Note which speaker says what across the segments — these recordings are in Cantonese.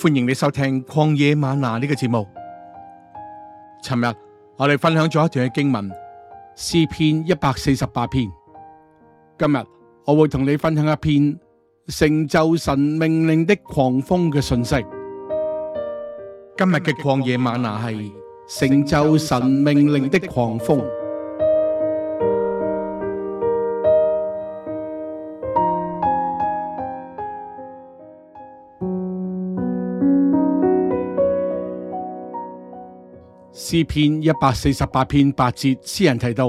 Speaker 1: 歡迎你收聽曠野嗎哪呢、這個節目。尋日我哋分享咗一段嘅經文，詩篇一百四十八篇。今日我會同你分享一篇成就神命令的狂風嘅信息。今日嘅曠野嗎哪係成就神命令的狂風。詩篇一百四十八篇八節，詩人提到：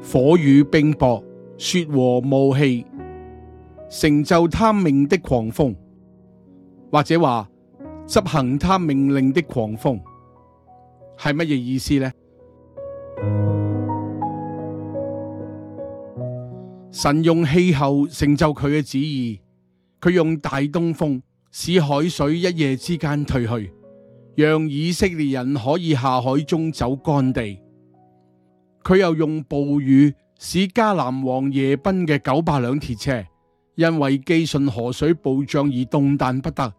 Speaker 1: 火與冰雹、雪和霧氣，成就他命的狂風，或者話執行他命令的狂風，係乜嘢意思呢？神用氣候成就佢嘅旨意，佢用大東風使海水一夜之間退去。讓以色列人可以下海中走乾地，佢又用暴雨使加南王夜奔迦南王耶賓嘅九百輛鐵車，因為基順河水暴漲而動彈不得。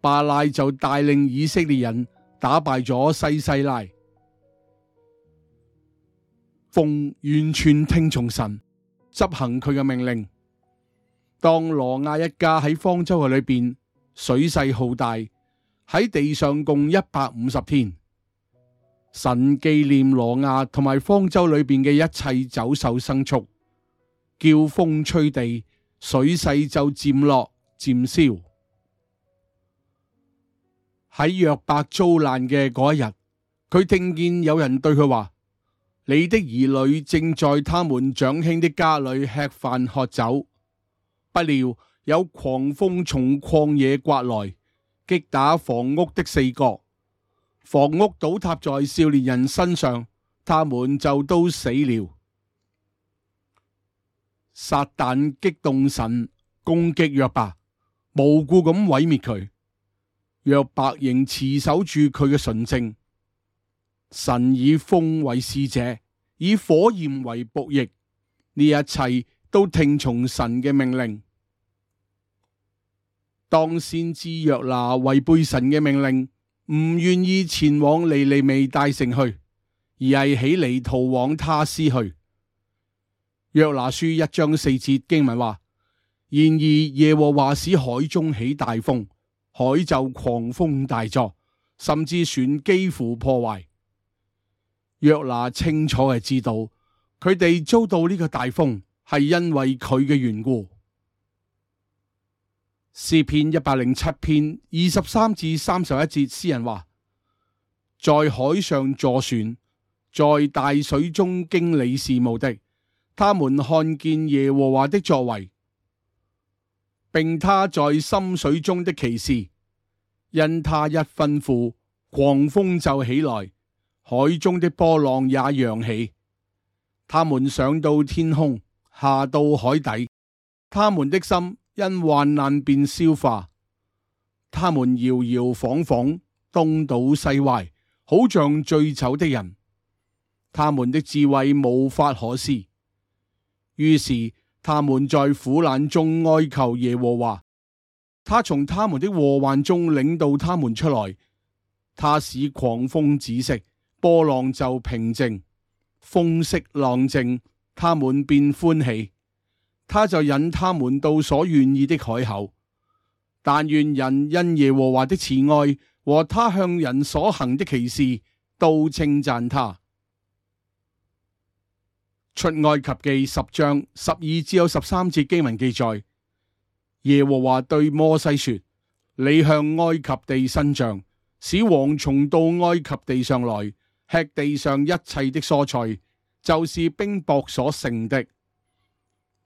Speaker 1: 巴拉就帶領以色列人打敗咗西西拉，奉完全聽從神，執行佢嘅命令。當羅亞一家喺方舟嘅裏邊，水勢浩大。喺地上共一百五十天，神紀念挪亞同埋方舟裏邊嘅一切走獸、牲畜，叫風吹地，水勢就漸落漸消。喺約伯遭難嘅嗰一日，佢聽見有人對佢話：「你的兒女正在他們長兄的家裏吃飯喝酒，不料有狂風從曠野颳來。擊打房屋的四角，房屋倒塌在少年人身上，他們就都死了。撒旦激動神攻擊約伯，無故噉毀滅佢。約伯仍持守住佢嘅純正。神以風為使者，以火焰為僕役，呢一切都聽從神嘅命令。當先知約拿違背神嘅命令，唔願意前往尼尼微大城去，而係起嚟逃往他施去。約拿書一章四節經文話：然而耶和華使海中起大風，海就狂風大作，甚至船幾乎破壞。約拿清楚係知道，佢哋遭到呢個大風係因為佢嘅緣故。詩篇一百零七篇二十三至三十一節，詩人話：在海上坐船，在大水中經理事務的，他們看見耶和華的作為，並他在深水中的奇事。因他一吩咐，狂風就起來，海中的波浪也揚起。他們上到天空，下到海底，他們的心。因患難便消化，他們搖搖晃晃，東倒西歪，好像醉酒的人。他們的智慧無法可施，於是他們在苦難中哀求耶和華，他從他們的禍患中領導他們出來，他使狂風止息，波浪就平靜，風息浪靜，他們便歡喜。他就引他們到所願意的海口，但願人因耶和華的慈愛和他向人所行的奇事，都稱讚他。出埃及記十章十二至十三節經文記載，耶和華對摩西說：你向埃及地伸杖，使蝗蟲到埃及地上來，吃地上一切的蔬菜，就是冰雹所剩的。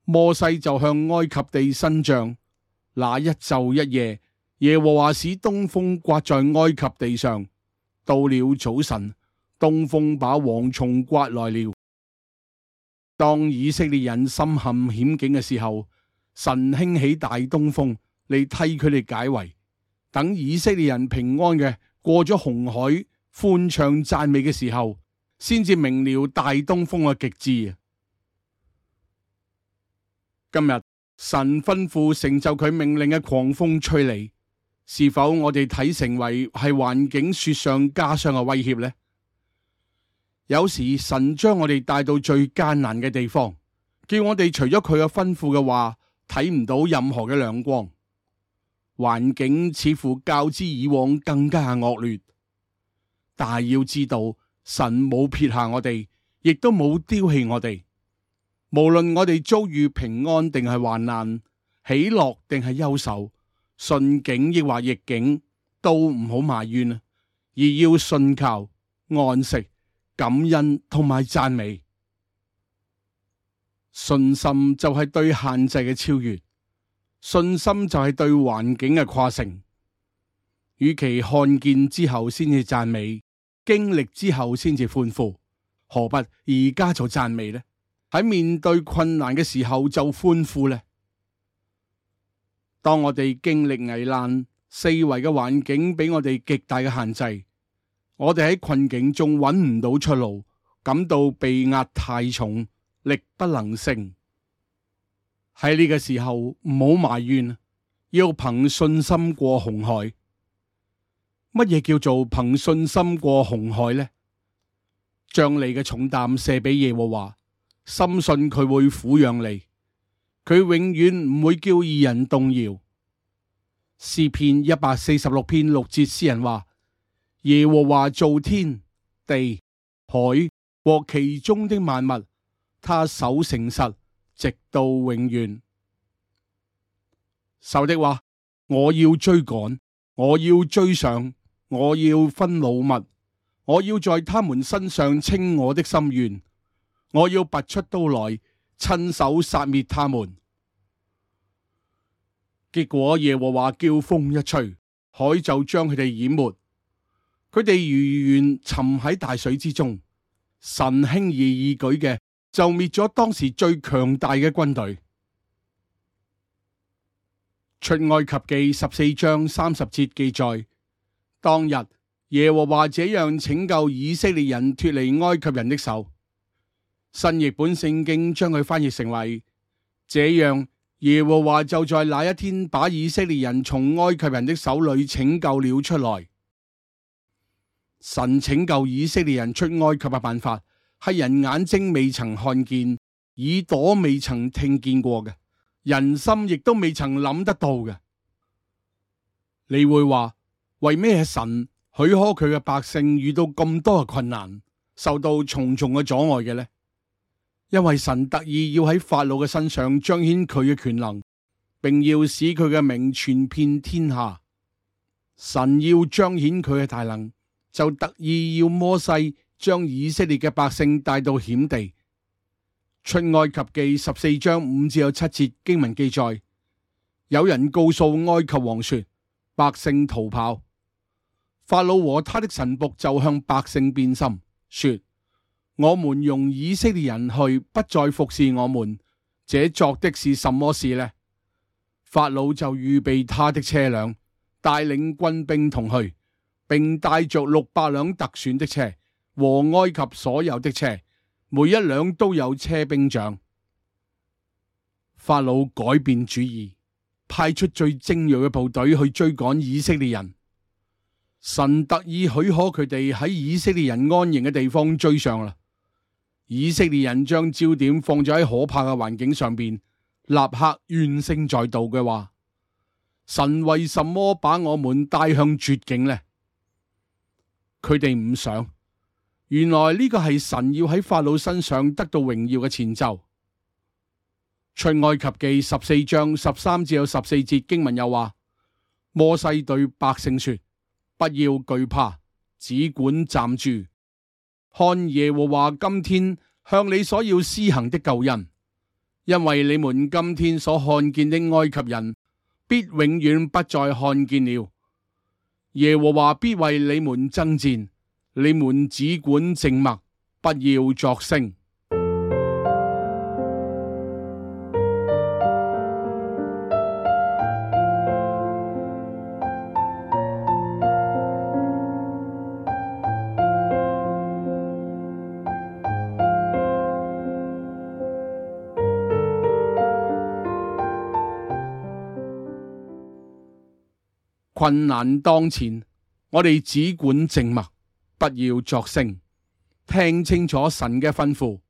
Speaker 1: 摩西就向埃及地伸杖，那一晝一夜，耶和華，啊，使東風颳在埃及地上。到了早晨，東風把蝗蟲颳來了。當以色列人深陷險境嘅時候，神興起大東風嚟替佢哋解圍。等以色列人平安嘅過咗紅海，歡唱讚美嘅時候，先至明了大東風嘅極致。今日神吩咐成就佢命令嘅狂風吹嚟，是否我哋睇成為係環境雪上加霜嘅威脅呢？有時神將我哋帶到最艱難嘅地方，叫我哋除咗佢嘅吩咐嘅話，睇唔到任何嘅亮光，環境似乎較之以往更加惡劣。但要知道，神冇撇下我哋，亦都冇丟棄我哋。無論我哋遭遇平安定係患難、喜樂定係憂愁、順境亦或逆境，都唔好埋怨啊！而要信靠、安息、感恩同埋讚美。信心就係對限制嘅超越，信心就係對環境嘅跨勝。與其看見之後先至讚美，經歷之後先至歡呼，何不而家就讚美呢？喺面對困難嘅時候就歡呼咧。當我哋經歷危難，四圍嘅環境俾我哋極大嘅限制，我哋喺困境中揾唔到出路，感到被壓太重，力不能勝。喺呢個時候唔好埋怨，要憑信心過紅海。乜嘢叫做憑信心過紅海咧？將你嘅重擔卸俾耶和華。深信佢會撫養你，佢永遠唔會叫二人動搖。詩篇一百四十六篇六節，詩人話：耶和華造天地海和其中的萬物，他守誠實，直到永遠。仇的話，我要追趕，我要追上，我要分擄物，我要在他們身上稱我的心願。我要拔出刀來，親手殺滅他們。結果耶和華叫風一吹，海就將佢哋淹沒，佢哋如願沉喺大水之中。神輕而易舉嘅就滅咗當時最強大嘅軍隊。出埃及記十四章三十節記載：當日耶和華這樣拯救以色列人脫離埃及人的手。新譯本聖經將佢翻譯成為這樣：耶和華就在那一天把以色列人從埃及人的手裏拯救了出來。神拯救以色列人出埃及嘅辦法係人眼睛未曾看見，耳朵未曾聽見過嘅，人心亦都未曾諗得到嘅。你會話「為咩神許可佢嘅百姓遇到咁多嘅困難，受到重重嘅阻礙嘅呢？」因為神特意要喺法老嘅身上彰顯佢嘅權能，並要使佢嘅名傳遍天下。神要彰顯佢嘅大能，就特意要摩西將以色列嘅百姓帶到險地。出埃及記十四章五至有七節經文記載，有人告訴埃及王說，百姓逃跑，法老和他的臣僕就向百姓變心，說。我們用以色列人去不再服侍我們，這作的是什麼事呢？法老就預備他的車輛，帶領軍兵同去，並帶着六百輛特選的車和埃及所有的車，每一輛都有車兵長。法老改變主意，派出最精銳嘅部隊去追趕以色列人。神特意許可佢哋喺以色列人安營嘅地方追上啦。以色列人將焦點放咗喺可怕嘅環境上邊，立刻怨聲載道嘅話，神為什麼把我們帶向絕境呢？佢哋唔想，原來呢個係神要喺法老身上得到榮耀嘅前奏。出埃及記十四章十三至十四節經文又話，摩西對百姓說：不要懼怕，只管站住。看耶和華今天向你所要施行的救恩，因為你們今天所看見的埃及人，必永遠不再看見了。耶和華必為你們爭戰，你們只管靜默，不要作聲。困難當前，我哋只管靜默，不要作聲，聽清楚神嘅吩咐。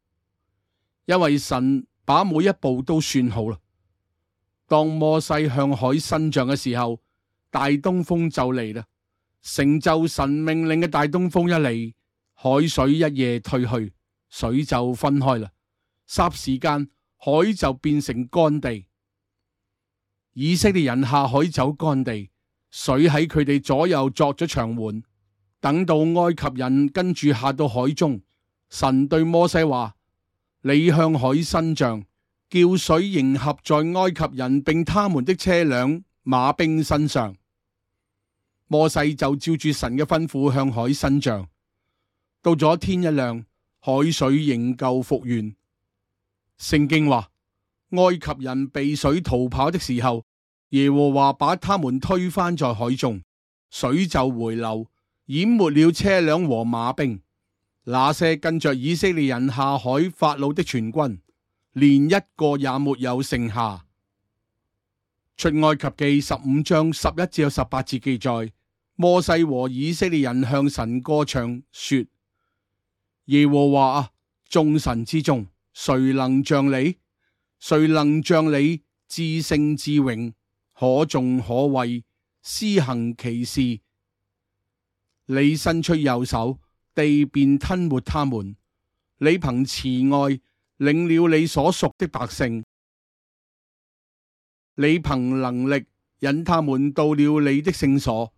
Speaker 1: 因為神把每一步都算好啦。當摩西向海伸杖嘅時候，大東風就嚟啦。成就神命令嘅大東風一嚟，海水一夜退去，水就分開啦。霎時間，海就變成乾地。以色列人下海走乾地。水喺佢哋左右作咗牆垣，等到埃及人跟住下到海中，神對摩西話：你向海伸杖，叫水仍合在埃及人並他們的車輛、馬兵身上。摩西就照住神嘅吩咐向海伸杖。到咗天一亮，海水仍舊復原。聖經話：埃及人避水逃跑的時候。耶和華把他們推翻在海中，水就回流，淹沒了車輛和馬兵。那些跟着以色列人下海法老的全軍，連一個也沒有剩下。出埃及記十五章十一至十八節記載，摩西和以色列人向神歌唱說：耶和華啊，眾神之中，誰能像你？誰能像你至聖至榮？智可頌可畏，施行奇事。你伸出右手，地便吞沒他們；你憑慈愛領了你所屬的百姓，你憑能力引他們到了你的聖所。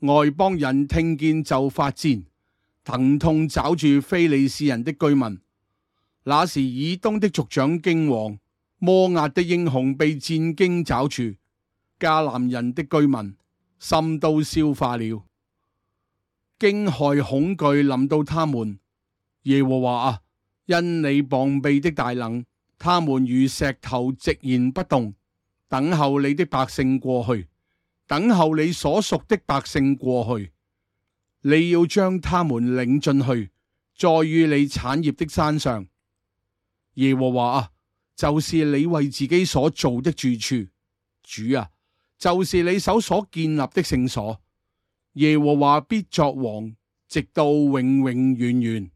Speaker 1: 外邦人聽見就發戰，疼痛抓住非利士人的居民。那時以東的族長驚惶，摩押的英雄被戰兢抓住。迦南人的居民心都消化了，驚駭恐懼臨到他們。耶和華啊，因你膀臂的大能，他們如石頭寂然不動，等候你的百姓過去，等候你所屬的百姓過去。你要將他們領進去，栽於你產業的山上，耶和華啊，就是你為自己所造的住處，主啊。就是你手所建立的聖所，耶和華必作王，直到永永遠遠。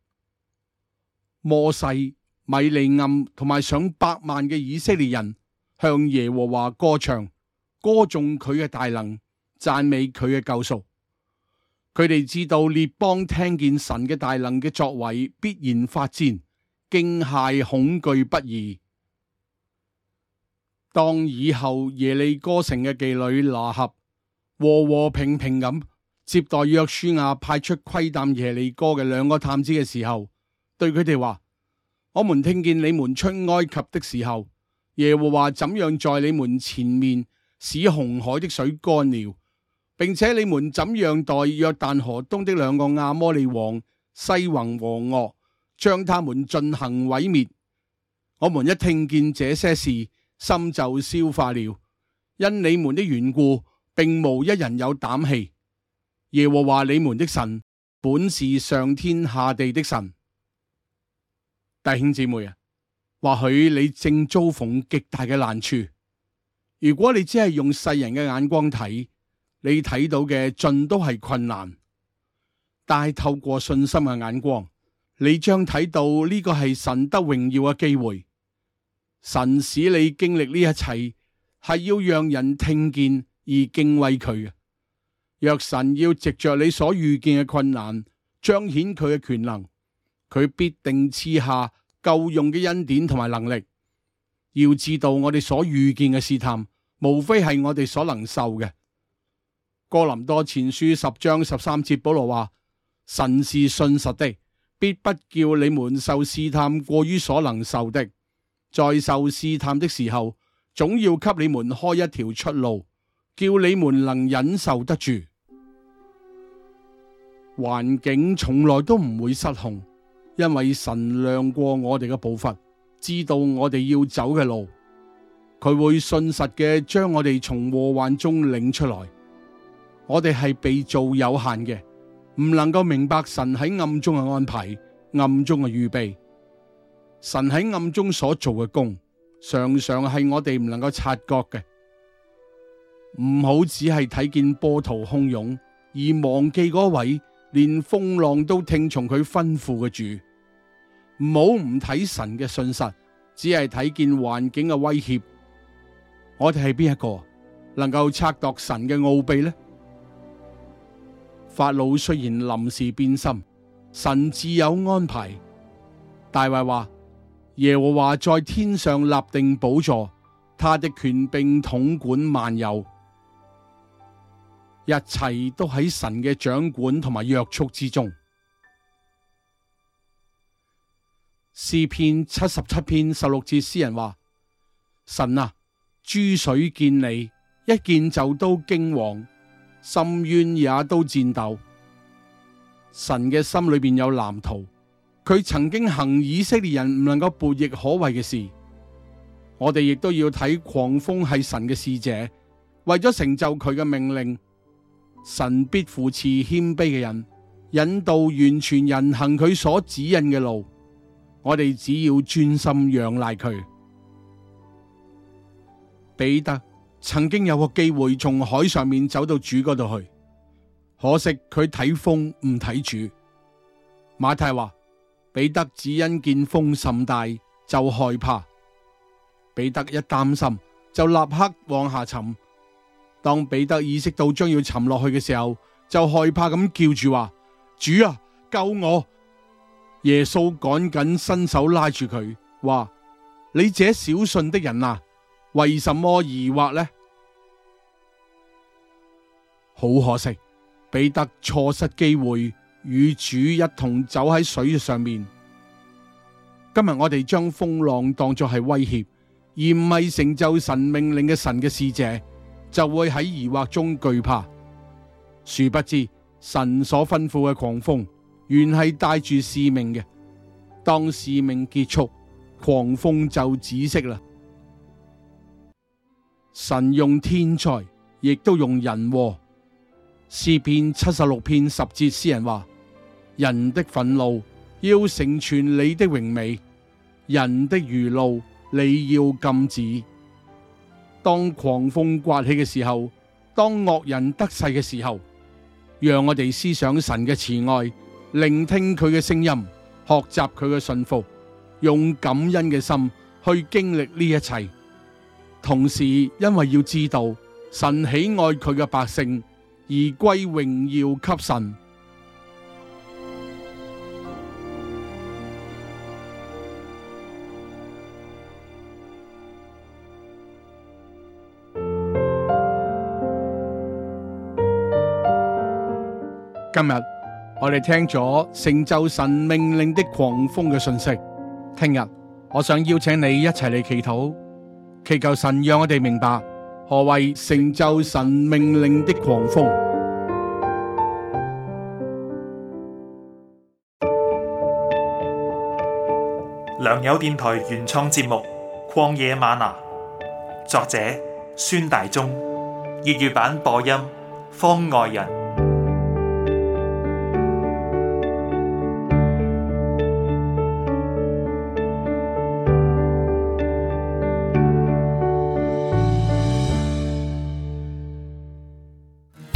Speaker 1: 摩西、米利暗同埋上百萬嘅以色列人向耶和華歌唱，歌頌佢嘅大能，讚美佢嘅救贖。佢哋知道列邦聽見神嘅大能嘅作為，必然發顫，驚駭恐懼不已。當以後耶利哥城嘅妓女拿合和和平平咁接待約書亞派出窺探耶利哥嘅兩個探子嘅時候，對佢哋話：「我們聽見你們出埃及的時候，耶和華怎樣在你們前面使紅海的水乾了，並且你們怎樣待約旦河東的兩個亞摩利王西宏和噩將他們進行毀滅，我們一聽見這些事，心就消化了，因你們的緣故，並無一人有膽氣。耶和華你們的神本是上天下地的神。弟兄姊妹啊，或許你正遭逢極大嘅難處，如果你只係用世人嘅眼光睇，你睇到嘅盡都係困難。但係透過信心嘅眼光，你將睇到呢個係神得榮耀嘅機會。神使你經歷呢一切，係要讓人聽見而敬畏佢嘅。若神要藉着你所遇見嘅困難，彰顯佢嘅權能，佢必定賜下夠用嘅恩典同埋能力。要知道我哋所遇見嘅試探，無非係我哋所能受嘅。哥林多前書十章十三節，保羅話：神是信實的，必不叫你們受試探過於所能受的。在受試探的時候，總要給你們開一條出路，叫你們能忍受得住。環境從來都唔會失控，因為神量過我哋嘅步伐，知道我哋要走嘅路，佢會信實嘅將我哋從禍患中領出來。我哋係被造有限嘅，唔能夠明白神喺暗中嘅安排，暗中嘅預備。神喺暗中所做嘅工，常常係我哋唔能夠察覺嘅。唔好只係睇見波濤洶湧，湧而忘記嗰位連風浪都聽從佢吩咐嘅主。唔好唔睇神嘅信實，只係睇見環境嘅威脅。我哋係邊一個能夠察覺神嘅奧秘呢？法老雖然臨時變心，神自有安排。大衛話。耶和華在天上立定寶座，他的權柄統管萬有，一切都喺神嘅掌管同埋約束之中。詩篇七十七篇十六節，詩人話：神啊，諸水見你，一見就都驚惶，深淵也都戰抖。神嘅心裏面有藍圖。佢曾經行以色列人唔能夠撥亦可畏嘅事，我哋亦都要睇狂風係神嘅使者，為咗成就佢嘅命令，神必扶持謙卑嘅人，引導完全人行佢所指引嘅路。我哋只要專心仰賴佢。彼得曾經有個機會從海上面走到主嗰度去，可惜佢睇風唔睇主。馬太話。彼得只因見風甚大，就害怕。彼得一擔心，就立刻往下沉。當彼得意識到將要沉落去嘅時候，就害怕咁叫住話：主啊，救我！耶穌趕緊伸手拉住佢，話：你這小信的人啊，為什麼疑惑呢？好可惜，彼得錯失機會。與主一同走喺水上面。今日我哋將風浪當作係威脅，而唔係成就神命令嘅神嘅使者，就會喺疑惑中懼怕。殊不知神所吩咐嘅狂風，原係帶住使命嘅。當使命結束，狂風就止息啦。神用天才，亦都用人和。詩篇七十六篇十節詩人話。人的憤怒要成全你的榮美，人的餘怒你要禁止。當狂風颳起嘅時候，當惡人得勢嘅時候，讓我哋思想神嘅慈愛，聆聽佢嘅聲音，學習佢嘅信服，用感恩嘅心去經歷呢一切。同時，因為要知道神喜愛佢嘅百姓，而歸榮耀給神。今日我哋聽咗成就神命令的狂風嘅信息。聽日我想邀請你一齊嚟祈禱，祈求神讓我哋明白何謂成就神命令的狂風。良友電台原創節目《曠野嗎哪》，作者：孫大中，粵語版播音：方外人。